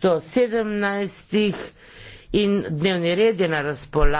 do 17. in dnevni red je na razpolago.